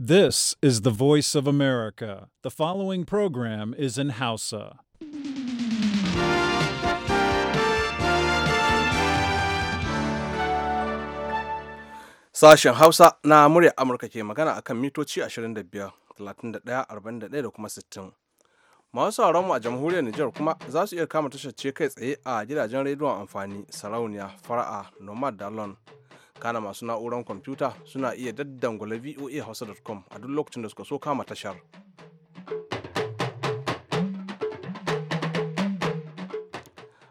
This is the voice of America. The following program is in Hausa. Sashen Hausa na muryar Amurka ke magana akan mitoci 25, 31, 41 da kuma 60. Masu sauranmu a jamhuriyar Nijar kuma za su iya kama tashar ce kai tsaye a gidajen rediyon amfani, sarauniya, fara'a, nomad da lon. kana masu na'uran kwamfuta suna iya daddangula voa hausa.com a duk lokacin da suka so kama tashar.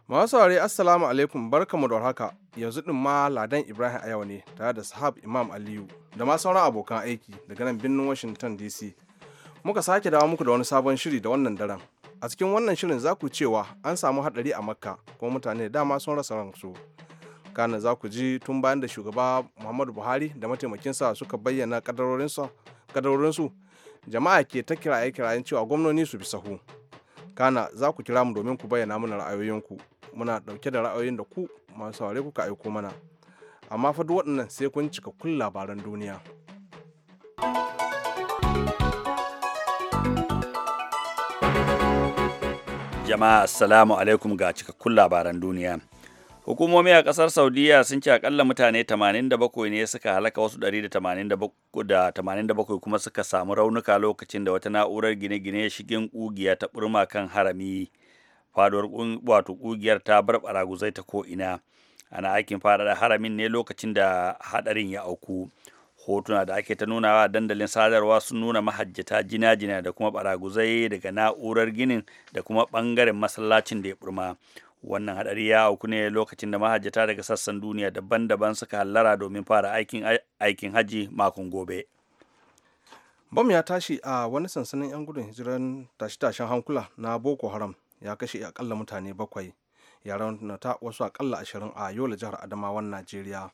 Masu assalamu alaikum barkamu da haka yanzu din ma ladan Ibrahim a ne tare da sahab Imam Aliyu da ma sauran abokan aiki daga nan birnin Washington DC. Muka sake dawo muku da wani sabon shiri da wannan daren. A cikin wannan shirin za ku cewa an samu hadari a Makka kuma mutane da dama sun rasa ransu. kana za ku ji tun bayan da shugaba muhammadu buhari da mataimakinsa suka bayyana kadarorinsu jama'a ke ta kiraye kirayen cewa gwamnoni su bi sahu kana za ku kira mu domin ku bayyana mana ra'ayoyinku muna dauke da ra'ayoyin da ku masu saurare kuka aiko mana amma fa duk waɗannan sai kun cika kun labaran duniya jama'a assalamu alaikum ga cikakkun labaran duniya Hukumomi a ƙasar Saudiya sun ce akalla mutane 87 ne suka halaka wasu 187 kuma suka samu raunuka lokacin da wata na'urar gine-gine shigin ƙugiya ta burma kan harami. Faduwar wato ƙugiyar ta bar baraguzai ta ko'ina. Ana aikin faɗaɗa haramin ne lokacin da haɗarin ya auku. Hotuna da ake ta nunawa a dandalin sadarwa sun nuna mahajjata jina-jina da kuma baraguzai daga na'urar ginin da kuma ɓangaren masallacin da ya burma. wannan hadari ya auku ne lokacin da mahajjata daga sassan duniya daban-daban suka hallara domin fara aikin aikin haji makon gobe bom ya tashi a wani sansanin 'yan gudun hijiran tashe-tashen hankula na boko haram ya kashe akalla mutane bakwai ya raunata wasu akalla ashirin a yola jihar adamawan najeriya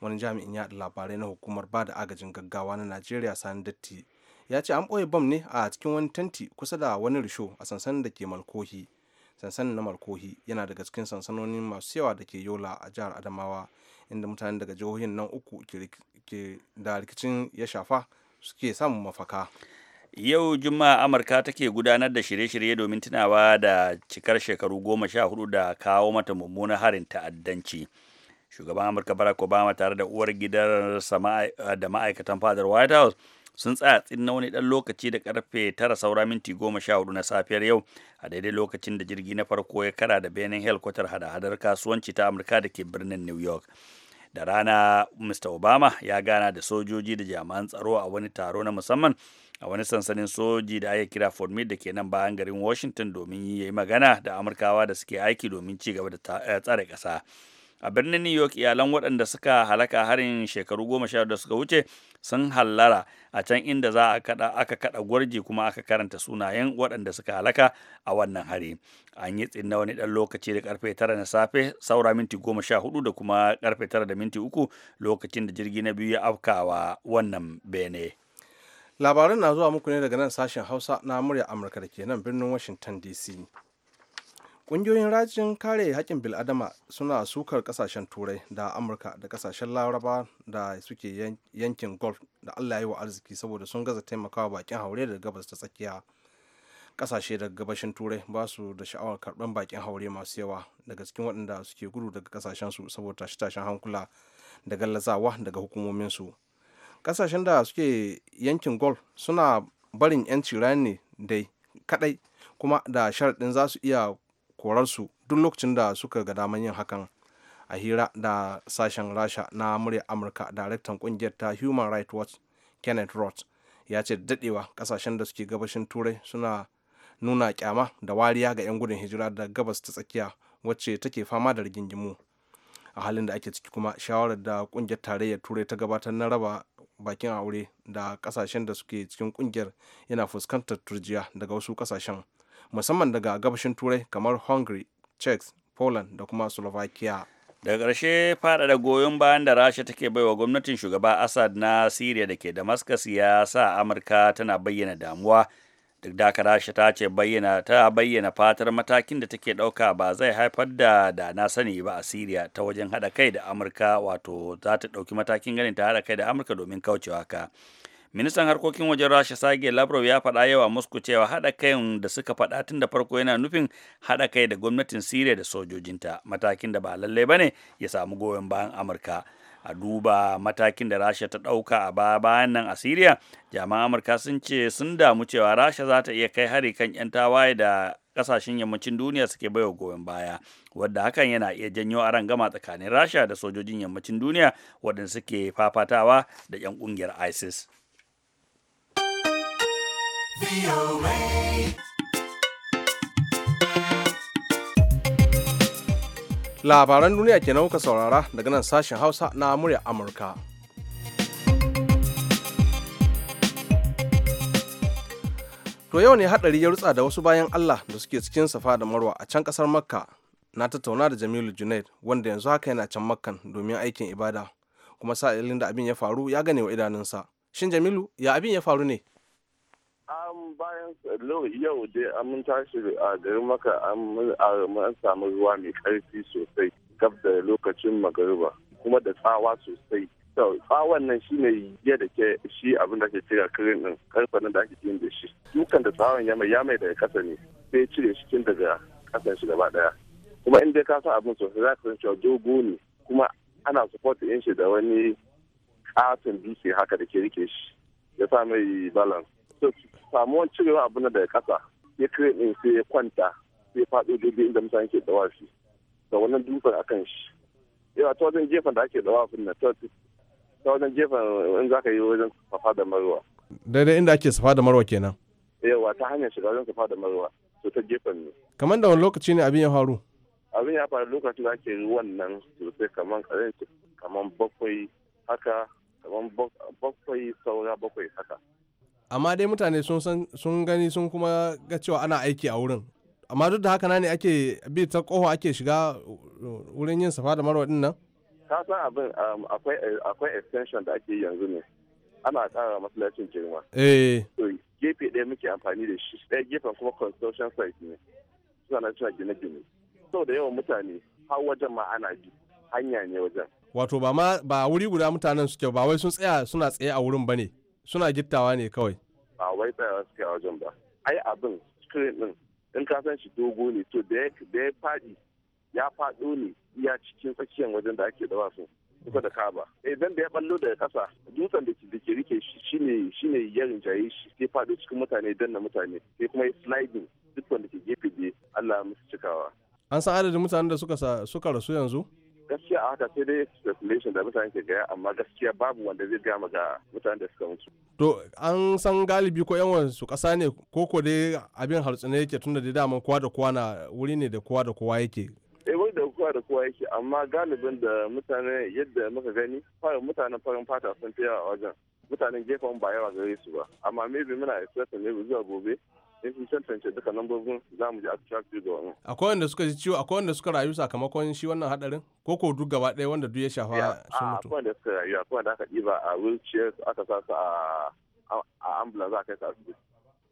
wani jami'in yaɗa labarai na hukumar ba da agajin gaggawa na najeriya sani datti ya ce an ɓoye bam ne a cikin wani tanti kusa da wani risho a sansanin da ke malkohi sansanin na markohi yana daga cikin sansanonin masu yawa da ke yola a jihar adamawa inda mutane daga jihohin nan uku da rikicin ya shafa suke samun mafaka yau juma'a amurka take gudanar da shirye-shirye domin tunawa da cikar shekaru goma sha hudu da kawo mata mummunan harin ta'addanci shugaban amurka barack obama tare da uwar gidan da ma'aikatan fadar white house sun tsaya tsin na wani ɗan lokaci da karfe tara saura minti goma sha hudu na safiyar yau a daidai lokacin da jirgi na farko ya kara da benin helkwatar hada-hadar kasuwanci ta amurka da ke birnin new york da rana mr obama ya gana da sojoji da jami'an tsaro a wani taro na musamman a wani sansanin soji da ake kira fort meade da ke nan bayan garin washington domin yi magana da amurkawa da suke aiki domin ci gaba da eh, tsare ƙasa. a birnin new york iyalan waɗanda suka halaka harin shekaru goma sha da suka wuce sun hallara a can inda za a kada aka kada gwarji kuma aka karanta sunayen waɗanda suka halaka a wannan hari an yi tsinna wani ɗan lokaci da karfe tara na safe saura minti goma sha hudu da kuma karfe tara da minti uku lokacin da jirgi na biyu ya afkawa wannan bene labaran na zuwa muku ne daga nan sashen hausa na murya amurka da ke nan birnin washington dc ƙungiyoyin rajin kare haƙƙin bil'adama suna sukar ƙasashen turai da amurka da ƙasashen laraba da suke yankin golf da allah yi wa arziki saboda sun gaza taimakawa bakin haure daga gabas ta tsakiya ƙasashe daga gabashin turai ba su da sha'awar karɓar bakin haure masu yawa daga cikin waɗanda suke gudu daga ƙasashen su saboda tashe-tashen hankula da gallazawa daga hukumomin su ƙasashen da suke yankin golf suna barin 'yanci rani dai kaɗai kuma da sharaɗin za su iya korarsu duk lokacin da suka ga daman yin hakan a hira da sashen rasha na murya amurka daraktan kungiyar ta human rights watch kenneth roth ya ce da dadewa kasashen da suke gabashin turai suna nuna kyama da wariya ga 'yan gudun hijira da gabas ta tsakiya wacce take fama da rigingimu a halin da ake ciki kuma shawarar da kungiyar tarayyar turai ta gabatar na raba bakin aure da kasashen da suke cikin kungiyar yana fuskantar turjiya daga wasu kasashen musamman daga gabashin turai kamar hungary czech poland da kuma slovakia daga ƙarshe faɗaɗa goyon bayan da rasha take baiwa gwamnatin shugaba assad na syria da ke damascus ya sa amurka tana bayyana damuwa duk da haka rasha ta ce bayyana ta bayyana fatar matakin da take ɗauka ba zai haifar da da na sani ba a syria ta wajen haɗa kai da amurka wato za ta ɗauki matakin ganin ta hada kai da amurka domin kaucewa ka ministan harkokin wajen rasha sage lavrov ya faɗa yawa musku cewa haɗa kayan da suka faɗa tun da farko yana nufin haɗa kai da gwamnatin siriya da sojojinta matakin da ba lallai ba ne ya samu goyon bayan amurka a duba matakin da rasha ta ɗauka a baya bayan nan a siriya jami'an amurka sun ce sun damu cewa rasha za ta iya kai hari kan 'yan tawaye da ƙasashen yammacin duniya suke baiwa goyon baya wadda hakan yana iya janyo aron gama tsakanin rasha da sojojin yammacin duniya waɗanda suke fafatawa da 'yan ƙungiyar isis Labaran duniya kenan kuka saurara daga nan sashen Hausa na murya Amurka. To yau ne hadari ya rutsa da wasu bayan Allah da suke cikin safa da marwa a can ƙasar Makka. Na tattauna da Jamilu Junaid wanda yanzu haka yana can Makkan domin aikin ibada. Kuma sa'ilin da abin ya faru ya gane wa idanunsa. Shin Jamilu ya abin ya faru ne? an bayan yau dai mun tashi a garin maka an samu ruwa mai karfi sosai gab da lokacin magariba kuma da tsawa sosai to tsawon nan shi ne ya da ke shi abin da ke kira kirin din karfanin da ake yin da shi dukan da tsawon ya mai ya mai daga kasa ne sai cire shi tun daga kasan shi gaba daya kuma in dai ka san abin sosai za ka san cewa dogo ne kuma ana support din shi da wani katin dutse haka da ke rike shi ya sa mai balance samuwan cirewa abu na daga kasa ya kire ɗin sai ya kwanta sai ya faɗo daidai inda mutane ke dawa shi da wannan dutsen a kan shi yawa ta wajen jefan da ake dawa abin na ta wajen jefan in za ka yi wajen safa da marwa daidai inda ake safa da marwa kenan yawa ta hanyar shiga wajen safa da marwa to ta jefan ne kamar da wani lokaci ne abin ya faru abin ya faru lokacin da ake ruwan nan sosai kamar karen kamar bakwai haka kamar bakwai saura bakwai haka amma dai mutane sun gani sun kuma ga cewa ana aiki a wurin amma duk da haka na ne ake bi ta koho ake shiga wurin yin safa da marwa nan ka san abin um, akwai extension da ake yanzu ne ana kara masallacin girma eh gefe ɗaya muke amfani da shi ɗaya gefen kuma construction site ne suna na cewa gine-gine sau da yawan mutane har wajen ma ana bi hanya ne wajen wato ba ma ba wuri guda mutanen suke ba wai sun tsaya suna tsaye a wurin ba ne suna gittawa ne kawai ba wai tsayawa suke wajen ba ai abin screen din in ka san shi dogo ne to da ya faɗi ya faɗo ne iya cikin tsakiyar wajen da ake da wasu kusa da kaba idan eh, da ya ballo daga kasa dutsen da ke rike shi shine shine ya rinjaye shi sai faɗo cikin mutane dan na mutane sai kuma ya sliding duk wanda ke gefe biye Allah musu cikawa an san adadin mutanen da suka rasu yanzu gaskiya a haka sai dai speculation da mutane ke gaya amma gaskiya babu wanda zai gama ga mutane da suka mutu. To an san galibi ko yan su kasa ne ko ko dai abin harsuna yake tunda da dama kowa da kowa na wuri ne da kowa da kowa yake. Eh wuri da kowa da kowa yake amma galibin da mutane yadda muka gani farin mutanen farin fata sun fi yawa wajen mutanen gefen ba yawa gare su ba amma maybe muna expecting maybe zuwa gobe in sun tantance duka lambobin za mu ji a ga Akwai wanda suka ji ciwo akwai wanda suka rayu sakamakon shi wannan hadarin ko ko duk gaba ɗaya wanda duk ya shafa sun mutu. Akwai wanda suka rayu akwai wanda aka ɗiba a wheelchair aka sa su a ambulance aka kai su asibiti.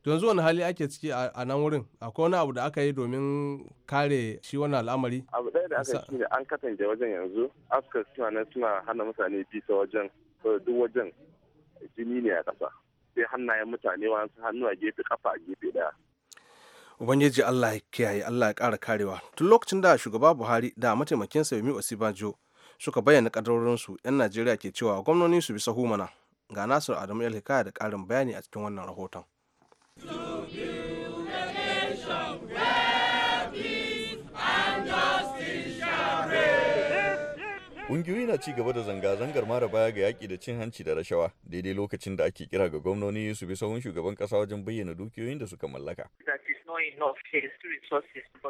To yanzu wani hali ake ciki a nan wurin akwai wani abu da aka yi domin kare shi wannan al'amari. Abu ɗaya da aka yi shine an katange wajen yanzu askar suna nan suna hana mutane bisa wajen duk wajen jini ne a ƙasa. sai hannayen mutane wasu hannu a gefe kafa a gefe daya ubangiji allah ya kiyaye allah ya kara karewa tun lokacin da shugaba buhari da mataimakinsa Yemi Osibajo suka bayyana su 'yan najeriya ke cewa gwamnoni su bi sahu mana ga nasiru adamu hiƙaya da karin bayani a cikin wannan rahoton Ƙungiyoyi na ci gaba da zanga-zangar mara baya ga yaƙi da cin hanci da rashawa daidai lokacin da ake kira ga gwamnoni su bi sahun shugaban ƙasa wajen bayyana dukiyoyin da suka mallaka.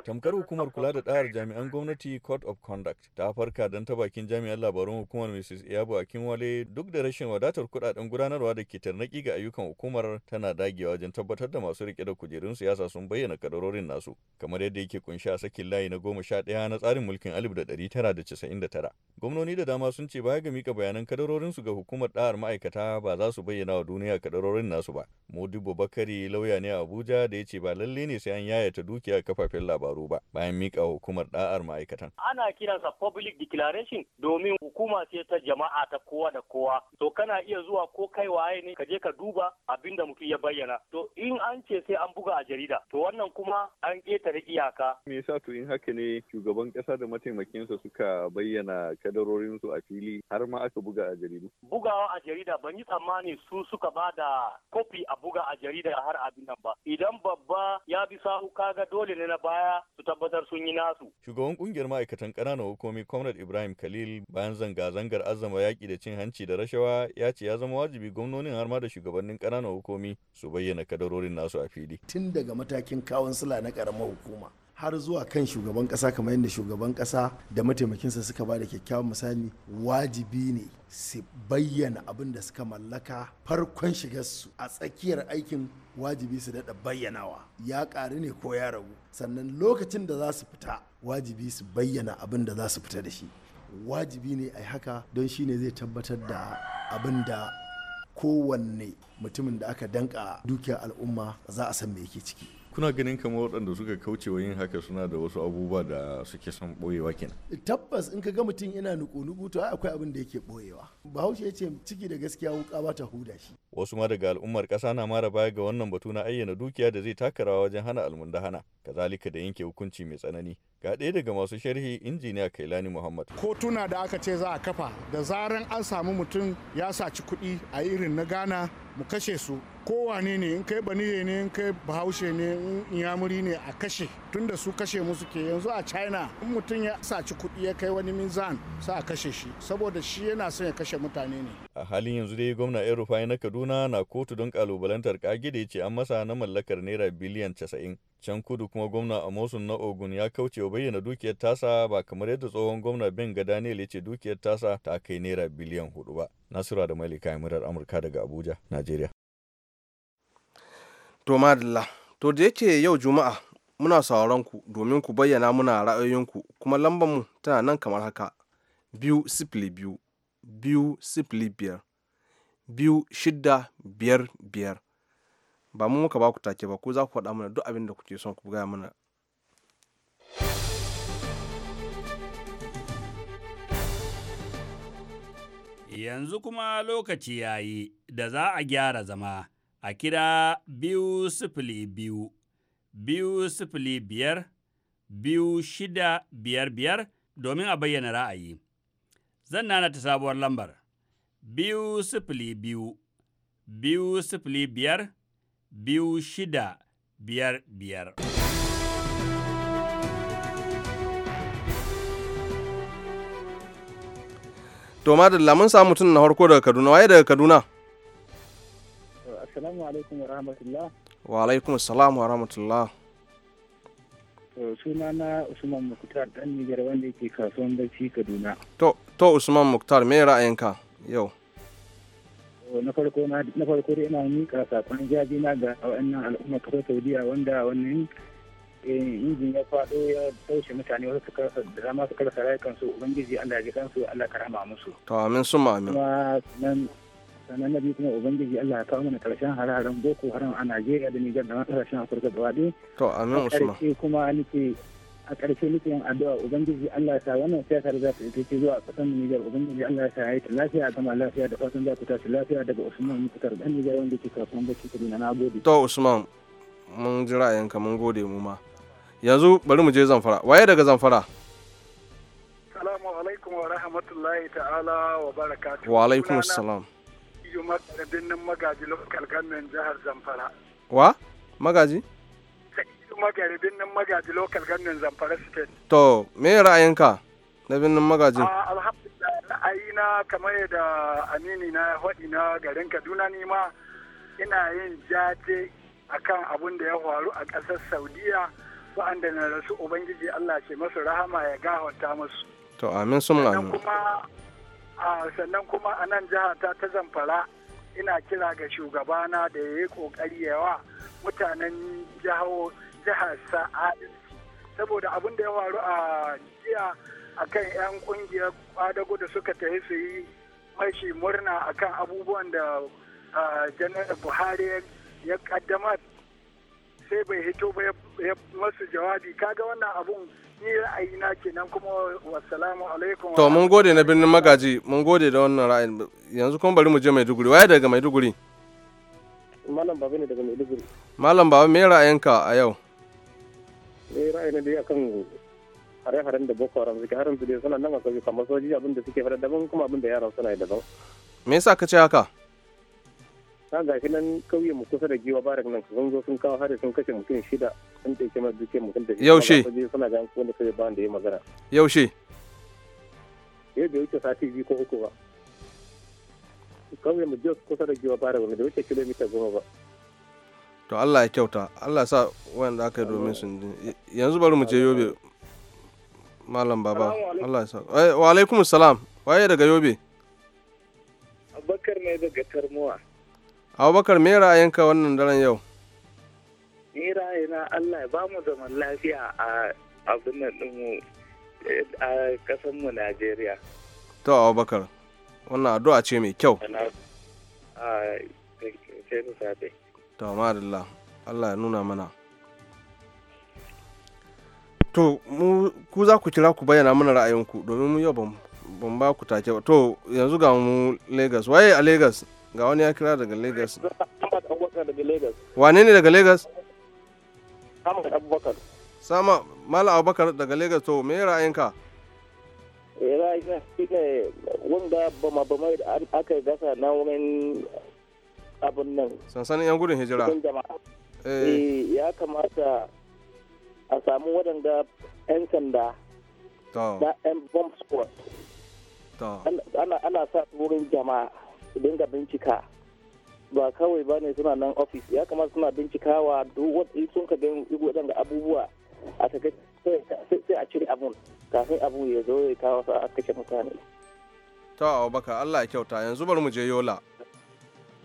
Tamkar hukumar kula da ɗayar jami'an gwamnati court of Conduct ta farka don ta bakin jami'an labarun hukumar Mrs. Iyabo wale duk da rashin wadatar kuɗaɗen gudanarwa da ke tarnaki ga ayyukan hukumar tana dagewa wajen tabbatar da masu rike da kujerun siyasa sun bayyana kadarorin nasu kamar yadda yake kunshi a sakin layi na goma sha daya na tsarin mulkin alif da ɗari tara da casa'in da tara. Gwamnoni da dama sun ce baya ga mika bayanan kadarorinsu ga hukumar ɗa'ar ma'aikata ba za su bayyana wa duniya kadarorin nasu ba. Modibo Bakari lauya ne a Abuja da ya ce ba lalle ne sai an yayata dukiya kafafen labaru ba bayan mika hukumar da'ar ma'aikatan. Ana kiransa public declaration domin hukuma ce ta jama'a ta kowa da kowa. To kana iya zuwa ko kai waye ne ka je ka duba abin da mutum ya bayyana. To in an ce sai an buga a jarida to wannan kuma an ƙetare iyaka. Me yasa to in haka ne shugaban ƙasa da mataimakinsa suka bayyana su a fili har ma aka buga a jaridu. Bugawa a jarida ban yi tsammani su suka ba da kofi a buga a jarida har abin nan ba. Idan babba ya ya bi sahu kaga dole ne na baya su tabbatar sun yi nasu. Shugaban kungiyar ma'aikatan ƙananan hukumi Comrade Ibrahim Khalil bayan zanga-zangar azama yaƙi da cin hanci da rashawa ya ce ya zama wajibi gwamnonin har ma da shugabannin ƙananan hukumi su bayyana kadarorin nasu a fili. Tun daga matakin kawon sula na ƙaramar hukuma har zuwa kan shugaban kasa kamar yadda shugaban kasa da mataimakinsa suka ba da kyakkyawan misali wajibi ne su bayyana abin da suka mallaka farkon shigarsu a tsakiyar aikin wajibi su daɗa bayyanawa ya ƙaru ne ko ya ragu sannan lokacin da za su fita wajibi su bayyana abin da za su fita da shi wajibi ne a haka don shi ne zai tabbatar da abin da kowanne mutumin da aka danka dukiyar al'umma za a san me yake ciki kuna ganin kamar waɗanda suka kauce wa yin haka suna da wasu abubuwa da suke son ɓoyewa kenan tabbas in ka ga mutum yana nuku-nuku to akwai abin da yake ɓoyewa bahaushe ya ce ciki da gaskiya wuka ba ta huda shi wasu ma daga al'ummar ƙasa na mara baya ga wannan batu na ayyana dukiya da zai taka rawa wajen hana almundahana kazalika da yanke hukunci mai tsanani ga ɗaya daga masu sharhi injiniya kailani muhammad kotuna da aka ce za a kafa da zaran an samu mutum ya saci kuɗi a irin na ghana mu kashe su kowane ne in kai baniye ne in kai bahaushe ne in yamuri ne a kashe tunda su kashe musu ke yanzu a china in mutum ya saci kuɗi ya kai wani minzan sa a kashe shi saboda shi yana son ya kashe mutane ne a halin yanzu dai gwamna yan rufai na kaduna na kotu don kalubalantar kage da ya ce an masa na mallakar naira biliyan 90. Can kudu kuma gwamna Amosun na Ogun ya kauce wa bayyana dukiyar tasa ba kamar yadda tsohon gwamna Benga Daniel ya ce dukiyar tasa ta kai naira biliyan hudu ba. Nasura da Malika murar Amurka daga Abuja, Najeriya. To madalla, to da yake yau Juma'a muna sauraron ku domin ku bayyana muna ra'ayoyinku kuma lambar mu tana nan kamar haka. Biyu sifili biyu, biyu sifili biyar, biyu shidda biyar biyar. ba mu muka baku take ba ko za ku faɗa mana duk abin da kuke son ku gaya mana yanzu kuma lokaci ya yi da za a gyara zama a kira biyu sifili biyu biyu sifili biyar biyu shida biyar biyar domin a bayyana ra'ayi zan nana ta sabuwar lambar biyu sifili biyu biyu sifili biyar biyu shida biyar biyar. To madalla mun samu mutum na harko daga Kaduna waye daga Kaduna? Assalamu alaikum wa rahmatullah. Wa alaikum salam wa rahmatullah. suna na Usman Mukhtar dan Nijar wanda yake kasuwan bacci Kaduna. To Usman Mukhtar, me ra'ayinka yau? na farko na na farko dai ina mika sakon jaji na ga wannan al'umma kasar Saudiya wanda wannan eh, injin ya faɗo ya taushe mutane wasu suka da dama suka rasa su ubangiji Allah ya kansu Allah karama musu to amin ma amin kuma nan sannan na kuma ubangiji Allah ya kawo mana karshen hararen boko haram a Najeriya da Nijar da ma karshen Afirka gaba ɗaya to amin usman kuma nake a ƙarshe muke yin addu'a ubangiji Allah ya sa wannan siyasar za ta ita zuwa a ƙasar Niger ubangiji Allah ya sa ya yi ta lafiya a gama lafiya da fatan za ku tashi lafiya daga Usman Mukhtar dan Niger wanda ke kasuwan bacci Kaduna na gode to Usman mun ji ra'ayinka mun gode mu ma yanzu bari mu je Zamfara waye daga Zamfara Assalamu alaikum wa rahmatullahi ta'ala wa barakatuh wa alaikum assalam Yuma da binnin magaji local government jihar Zamfara wa magaji magari birnin magaji local gannin zamfara state to me ra'ayinka na birnin magaji ah, alhamdulillah na kamar da amini na faɗi na garin kaduna ni ma ina yin jaje akan abun da ya faru a ƙasar saudiya wa'anda na rasu ubangiji allah ke masu rahama ya gahonta musu to amin sun amin sannan kuma a nan jiha ta ta zamfara ina kira ga shugabana da ya yi kokari yawa mutanen Jihar. jihar sa adalci saboda abin da ya faru a jiya a kan 'yan kungiyar kwadago da suka tafi su yi mashi murna kan abubuwan da janar buhari ya kaddama sai bai hito ba ya masu jawabi kaga wannan abun ni ra'ayi na kenan kuma wassalamu alaikum to mun gode na birnin magaji mun gode da wannan ra'ayin yanzu kuma bari mu je maiduguri waye daga maiduguri malam babu ne daga maiduguri malam babu me ra'ayinka a yau ra'ayi dai akan hare-haren da boko haram suke harin su dai suna nan a sauki kamar soji abin da suke fara daban kuma abin da yaran suna daban me yasa ka ce haka ta ga nan kauye mu kusa da giwa barak nan sun zo sun kawo hari sun kashe mutum shida sun ɗauke mai duke mutum da shi yaushe suna ga yanku wanda kai bayan da ya magana yaushe eh bai wuce sati biyu ko uku ba kauye mu jos kusa da giwa barak ne da wuce kilomita goma ba to Allah ya kyauta Allah sa wanda aka yi domin sun ji yanzu bari mu je yobe malam baba Allah ya sa eh, wa alaikum salam waye daga yobe abubakar ne daga tarmuwa abubakar me ra'ayinka wannan daren yau ni ra'ayina Allah ya ba mu zaman lafiya a abin nan mu, a kasan mu Najeriya. To, Abubakar, wannan addu'a ce mai kyau. to ma'adalla allah ya nuna mana to mu ku za ku kira ku bayyana mana ra'ayinku domin mu yau ban ba ku take ba to yanzu ga mu lagos waye a lagos ga wani ya kira daga lagos wane ne daga lagos sama mala abubakar daga lagos to me ra'ayinka eh, ra'ayina shi ne wanda bama bama aka gasa na wani abin nan sansanin yan gudun hijira eh. Eh, ya kamata a samu waɗanda 'yan sanda na 'yan bomb squad ana sa wurin jama'a su dinga bincika ba kawai ba ne suna nan ofis ya kamata suna bincikawa duk wadda sun ka gan waɗanda abubuwa a take sai a cire abun kafin abu ya zo ya kawo sa a kashe mutane. Ta baka Allah ya kyauta yanzu bari mu je Yola.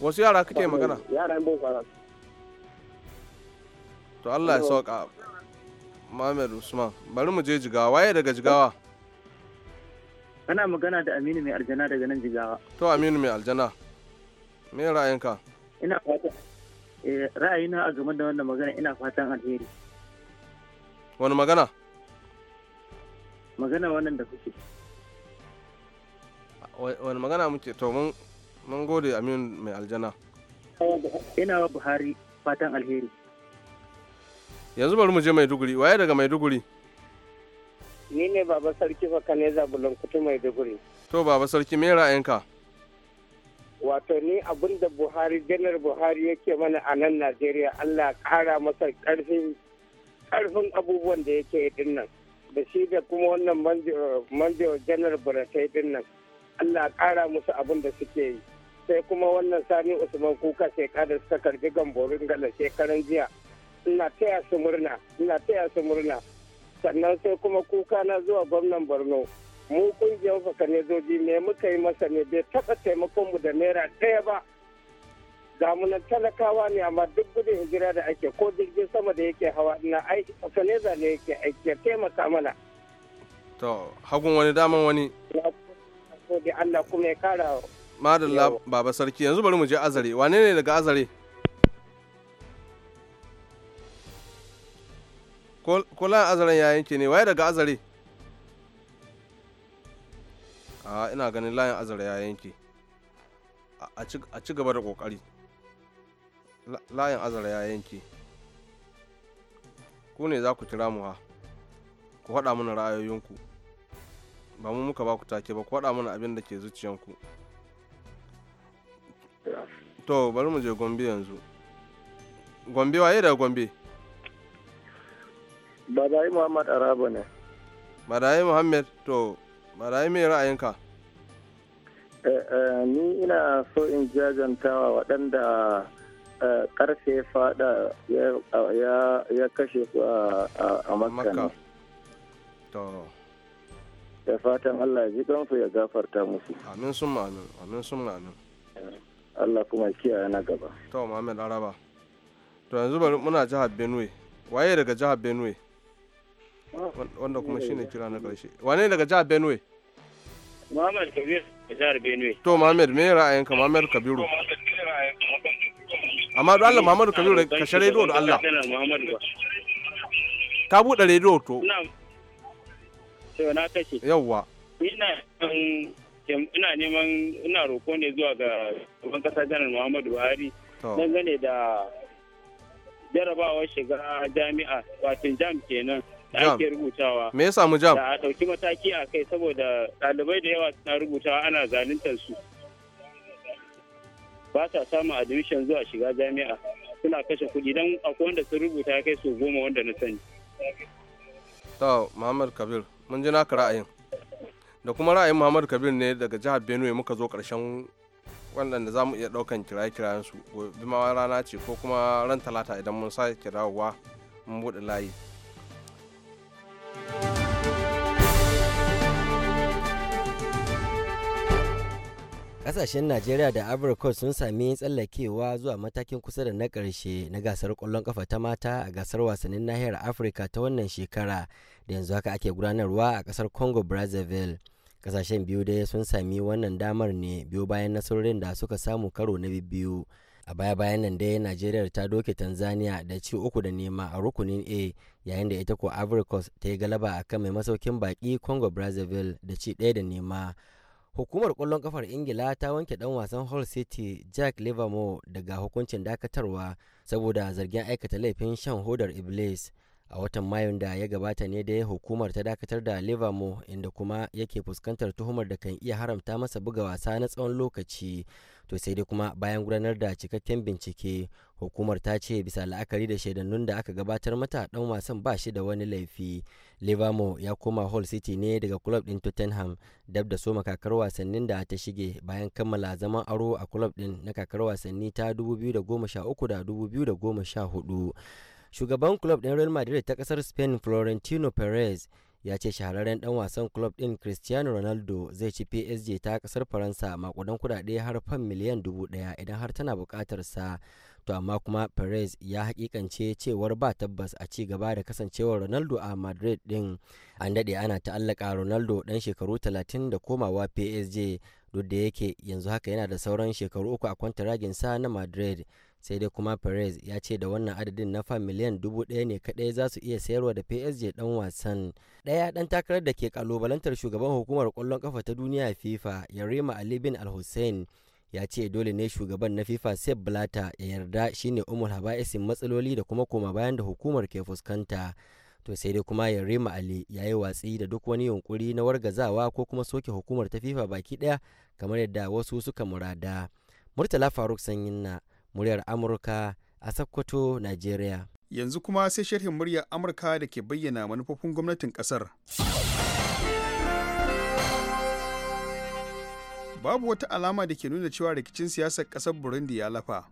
wasu yara kake magana yaran boko haram to Allah ya sauka Muhammad Usman bari mu je jigawa waye daga jigawa ana magana da Aminu mai aljana daga nan jigawa to Aminu mai aljana me ra'ayinka ina fata eh, ra'ayina a game da wannan magana ina fatan alheri wani magana magana wannan da kuke wani magana muke to mun mun gode amin mai aljana ina wa buhari fatan alheri yanzu bari mu je maiduguri waye daga maiduguri ni ne baba sarki fakane bulon kutu maiduguri to baba sarki me ra'ayinka wato ni abin da buhari janar buhari yake mana a nan najeriya allah kara masa karfin abubuwan da yake din nan da shi da kuma wannan manjo janar buratai din nan allah kara musu abin da suke yi sai kuma wannan sani usman kuka shekarar ta karbi gamborin gala shekaran jiya ina taya su murna ina taya su murna sannan sai kuma kuka na zuwa gwamnan borno mu kungiyar fakanezoji ne muka yi masa ne bai taɓa taimakon mu da naira ɗaya ba ga munan talakawa ne amma duk gudun hijira da ake ko jirgin sama da yake hawa ina aiki fakaneza ne yake aiki taimaka mana to hagun wani daman wani Allah kuma ya kara madalla baba sarki yanzu bari mu je azare wane ne daga azare kula azaren ya yanke ne waye daga azare a ina ganin layin azare ya yanke a ci gaba da kokari layin azare ya yanke ku ne za ku kira mu ha ku faɗa mana ra'ayoyinku ba mu muka ba ku take ba ku faɗa mana abin da ke zuciyanku to bari mu je gombe yanzu gombe waye da gombe barayi muhammad araba ne barayi muhammad to barayi mai ra'ayinka eh, eh, ni ina so in jajantawa waɗanda karshe eh, fada ya kashe su a makka da fatan allah ya ji kansu ya gafarta musu amin sun amin amin sun amin Allah kuma kiyaye na gaba to Muhammad Araba to yanzu bari muna jihar Benue waye daga jihar Benue wanda kuma shine kira na karshe wane daga jihar Benue Muhammad Kabir jihar Benue to Muhammad me ra'ayinka Muhammad Kabiru amma don Allah Muhammad Kabiru ka share da Allah ka buɗe rediyo to Na yawwa ina ina neman ina roko ne zuwa ga shugaban kasa janar muhammadu buhari dangane da jarabawar shiga jami'a wato jam kenan da ake rubutawa me ya samu jam da a ɗauki mataki a kai saboda ɗalibai da yawa suna rubutawa ana zaluntar su ba sa samun admission zuwa shiga jami'a suna kashe kuɗi don akwai wanda sun rubuta kai su goma wanda na sani. To, Muhammad Kabir, mun ji naka ra'ayin. da kuma ra'ayin muhammadu kabir ne daga jihar benue muka zo karshen waɗanda za mu iya ɗaukan kiraye-kirayen su gobe ma rana ce ko kuma ran talata idan mun sake dawowa mun buɗe layi kasashen najeriya da ivory sun sami tsallakewa zuwa matakin kusa da na ƙarshe na gasar kwallon kafa ta mata a gasar wasannin nahiyar afirka ta wannan shekara da yanzu haka ake gudanarwa a ƙasar congo brazzaville kasashen biyu dai sun sami wannan damar ne biyu bayan nasarorin da suka samu karo na biyu a baya bayan nan dai najeriya ta doke tanzania da ci uku da nema a rukunin a yayin da ita ko avricos ta yi galaba a kan mai masaukin baki congo brazzaville da ci ɗaya da nema hukumar kwallon kafar ingila ta wanke dan wasan hull city jack livermore daga hukuncin dakatarwa saboda zargin aikata laifin shan hodar iblis a watan mayun da ya gabata ne da dai hukumar ta dakatar da livermore inda kuma yake fuskantar tuhumar da kan iya haramta masa buga wasa na tsawon lokaci to sai dai kuma bayan gudanar da cikakken bincike hukumar ta ce bisa la'akari da shaidannun da aka gabatar mata dan wasan ba shi da wani laifi livermore ya koma hall city ne daga club din tottenham dab da soma kakar wasannin da ta shige bayan kammala zaman aro a club din na kakar wasanni ta 2013 da 2014 shugaban club ɗin real madrid ta ƙasar spain florentino perez ya ce shahararren ɗan wasan club ɗin cristiano ronaldo zai ci psg ta kasar faransa makudan kudade har fan miliyan dubu ɗaya idan har tana bukatar sa to amma kuma perez ya hakikance cewar ba tabbas a ci gaba da kasancewar ronaldo a madrid ɗin an dade ana ta'allaka ronaldo ɗan shekaru talatin da komawa psg duk da yake yanzu haka yana da sauran shekaru uku a kwantaraginsa na madrid sai dai kuma perez ya ce da wannan adadin na fa miliyan dubu ɗaya ne kaɗai za su iya sayarwa da psg ɗan wasan ɗaya ɗan takarar da ke kalubalantar shugaban hukumar ƙwallon ƙafa ta duniya fifa yarima ali bin al hussein ya ce dole ne shugaban na fifa sep blata ya yarda shine umul haba'isin matsaloli da kuma koma bayan da hukumar ke fuskanta to sai dai kuma yarima ali ya yi watsi da duk wani yunkuri na wargazawa ko kuma soke hukumar ta fifa baki ɗaya kamar yadda wasu suka murada murtala faruk sanyin na muryar amurka a sakkwato nigeria yanzu kuma sai sharhin muryar amurka da ke bayyana manufofin gwamnatin ƙasar. babu wata alama da ke nuna cewa rikicin siyasar ƙasar burundi ya lafa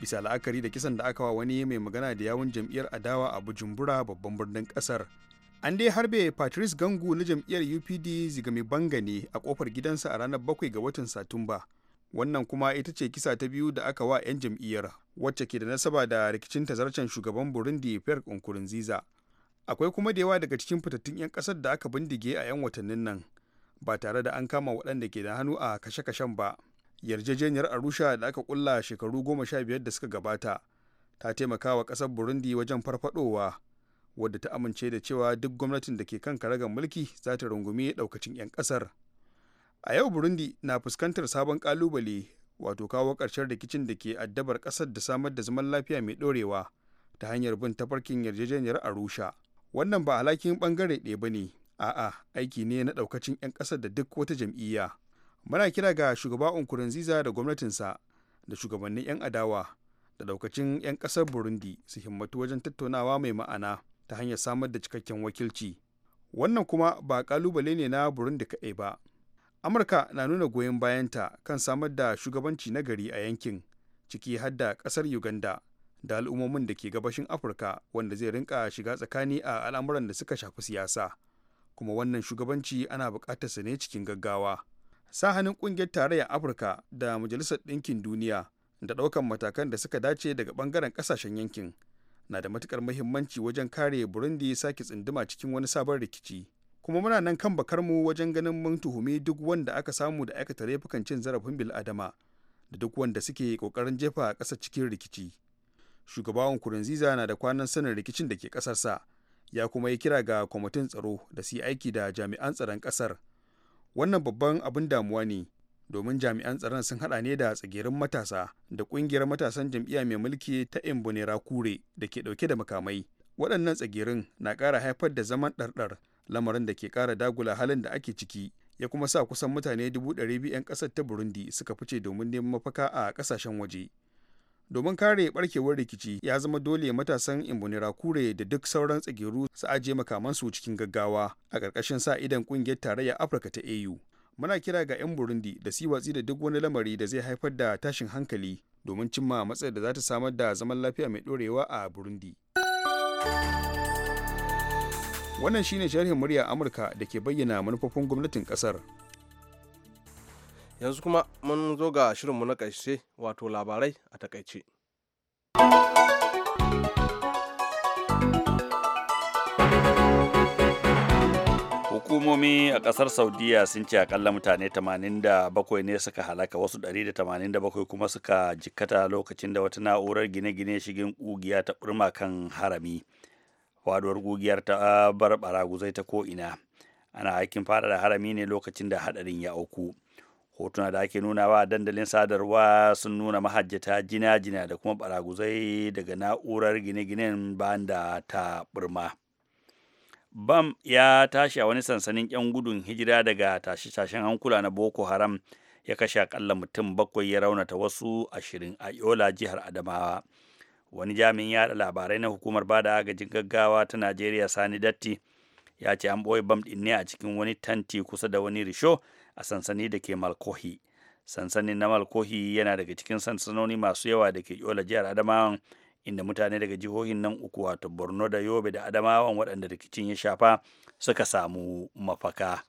bisa la'akari da kisan da aka wa wani mai magana da yawun jam'iyyar adawa a bujumbura babban birnin ƙasar. an dai harbe patrice gangu na jam'iyyar upd zigami banga ne a kofar gidansa a ranar bakwai ga watan satumba wannan kuma ita ce kisa ta biyu da aka wa 'yan jam'iyyar wacce ke da nasaba da rikicin tazarcen shugaban burundi pierre nkurunziza akwai kuma da yawa daga cikin fitattun 'yan kasar da aka bindige a 'yan watannin nan ba tare da an kama waɗanda ke da hannu a kashe-kashen ba yarjejeniyar arusha da aka kulla shekaru goma sha biyar da suka gabata ta taimaka wa ƙasar burundi wajen farfadowa wadda ta amince da cewa duk gwamnatin da ke kan karagar mulki za ta rungumi ɗaukacin 'yan ƙasar a yau burundi na fuskantar sabon kalubale wato kawo ƙarshen rikicin da ke addabar ƙasar da samar da zaman lafiya mai ɗorewa ta hanyar bin tafarkin yarjejeniyar arusha wannan ba alhakin ɓangare ɗaya ba ne a'a aiki ne na ɗaukacin 'yan ƙasar da duk wata jam'iyya muna kira ga shugaba nkurunziza da gwamnatinsa da shugabannin 'yan adawa da ɗaukacin 'yan ƙasar burundi su himmatu wajen tattaunawa mai ma'ana ta hanyar samar da cikakken wakilci wannan kuma ba ƙalubale ne na burundi kaɗai ba amurka na nuna goyon bayanta kan samar da shugabanci nagari a yankin ciki har da ƙasar uganda da al'ummomin da ke gabashin afirka wanda zai rinka shiga tsakani a al'amuran da suka shafi siyasa kuma wannan shugabanci ana bukatar sa ne cikin gaggawa sa hannun ƙungiyar tarayyar afirka da majalisar ɗinkin duniya da ɗaukan matakan da suka dace daga ɓangaren ƙasashen yankin na da matukar muhimmanci wajen kare burundi sake tsinduma cikin wani sabon rikici kuma muna nan kan bakarmu wajen ganin mun tuhumi duk wanda aka samu da aikata laifukan cin zarafin bil'adama da duk wanda suke ƙoƙarin jefa ƙasa cikin rikici shugabawan kurunziza na da kwanan sanin rikicin da ke ƙasarsa ya kuma yi kira ga kwamitin tsaro da su aiki da jami'an tsaron ƙasar wannan babban abin damuwa ne domin jami'an tsaron sun haɗa ne da tsagerin matasa da ƙungiyar matasan jam'iyya mai mulki ta imbonera kure da ke dauke da makamai waɗannan tsagerin na ƙara haifar da zaman ɗarɗar lamarin da ke kara dagula halin da ake ciki ya kuma sa kusan mutane 200,000 'yan kasar ta burundi suka fice domin neman mafaka a kasashen waje domin kare barkewar rikici ya zama dole matasan imbonira kure da duk sauran tsagiru su ajiye makamansu cikin gaggawa a ƙarƙashin sa idan kungiyar tarayyar afirka ta au muna kira ga 'yan burundi da su watsi da duk wani lamari da zai haifar da tashin hankali domin cimma matsayar da za ta samar da zaman lafiya mai ɗorewa a burundi wannan shine sharhin murya amurka da ke bayyana manufofin gwamnatin kasar yanzu kuma mun zo ga shirinmu na ƙarshe wato labarai a takaice hukumomi a kasar saudiya sun ce akalla mutane 87 ne suka halaka wasu 187 kuma suka jikkata lokacin da wata na'urar gine-gine shigin kugiya ta burma kan harami faduwar gugiyar ta bar baraguzai ta ko'ina ana aikin fadada harami ne lokacin da hadarin ya auku hotuna da ake nuna wa dandalin sadarwa sun nuna mahajjata jina-jina da kuma baraguzai daga na'urar gine-ginen banda ta burma bam ya tashi a wani sansanin 'yan gudun hijira daga tashe-tashen hankula na boko haram ya kashe akalla mutum bakwai ya raunata wasu ashirin a yola jihar adamawa wani jami'in yada labarai na hukumar bada agajin gaggawa ta najeriya sani datti ya ce an ɓoye bam ɗin ne a cikin wani tanti kusa da wani risho a sansani da ke malkohi sansanin na malkohi yana daga cikin sansanoni masu yawa da ke yola jihar adamawan inda mutane daga jihohin nan uku wato borno da yobe da adamawan waɗanda rikicin ya shafa suka samu mafaka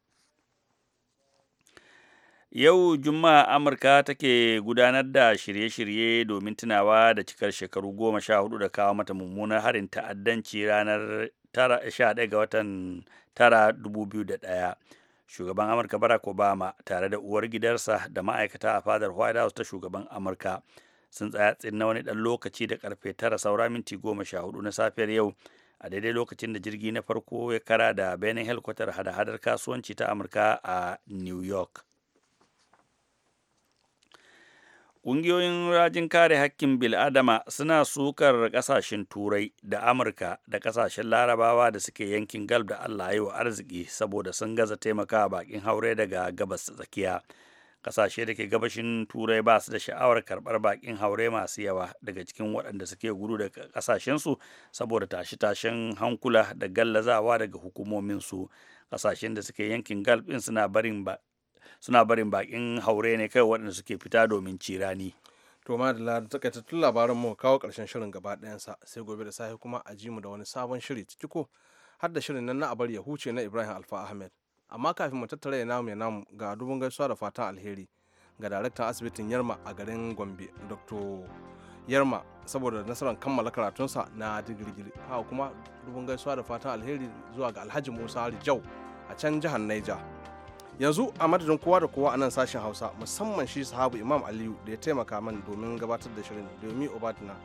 Yau Juma'a Amurka take gudanar da shirye-shirye domin tunawa da cikar shekaru goma sha hudu da kawo mata mummunar harin ta'addanci ranar 11 ga watan tara ɗaya Shugaban Amurka Barack Obama tare da uwar gidarsa da ma'aikata a fadar White House ta shugaban Amurka sun tsaya na wani ɗan lokaci da karfe tara saura minti goma sha hudu na safiyar yau a daidai lokacin da jirgi na farko ya kara da benin helkwatar hada-hadar kasuwanci ta Amurka a New York. ƙungiyoyin rajin kare haƙƙin bil'adama suna sukar ƙasashen turai da amurka da ƙasashen larabawa da suke yankin galb da allah yi wa arziki saboda sun gaza taimakawa baƙin haure daga gabas tsakiya ƙasashe da ke gabashin turai ba su da sha'awar karɓar baƙin haure masu yawa daga cikin waɗanda suke gudu daga ƙasashensu saboda tashe-tashen hankula da gallazawa daga hukumominsu ƙasashen da suke yankin galb ɗin suna barin suna barin bakin haure ne kai waɗanda suke fita domin cirani to ma da ladar takaitattun labaran mu kawo karshen shirin gaba ɗayansa sai gobe da sahi kuma a ji mu da wani sabon shiri ciko har da shirin nan na abar ya huce na ibrahim alfa ahmed amma kafin mu tattara ya namu ya namu ga dubun gaisuwa da fatan alheri ga daraktan asibitin yarma a garin gombe dr yarma saboda nasarar kammala karatunsa na digirgiri haka kuma dubun gaisuwa da fatan alheri zuwa ga alhaji musa rijau a can jihar naija yanzu a madadin kowa da kowa a nan sashen hausa musamman shi sahabu imam aliyu da ya taimaka man domin gabatar da shirin domin obatina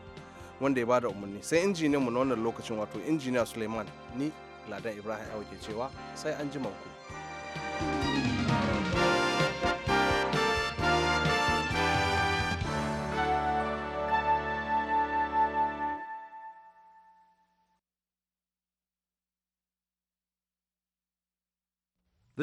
wanda ya bada umarni sai injiniyan mu na wannan lokacin wato injiniya suleiman ni ladan ibrahim awo ke cewa sai an ji ku. thank you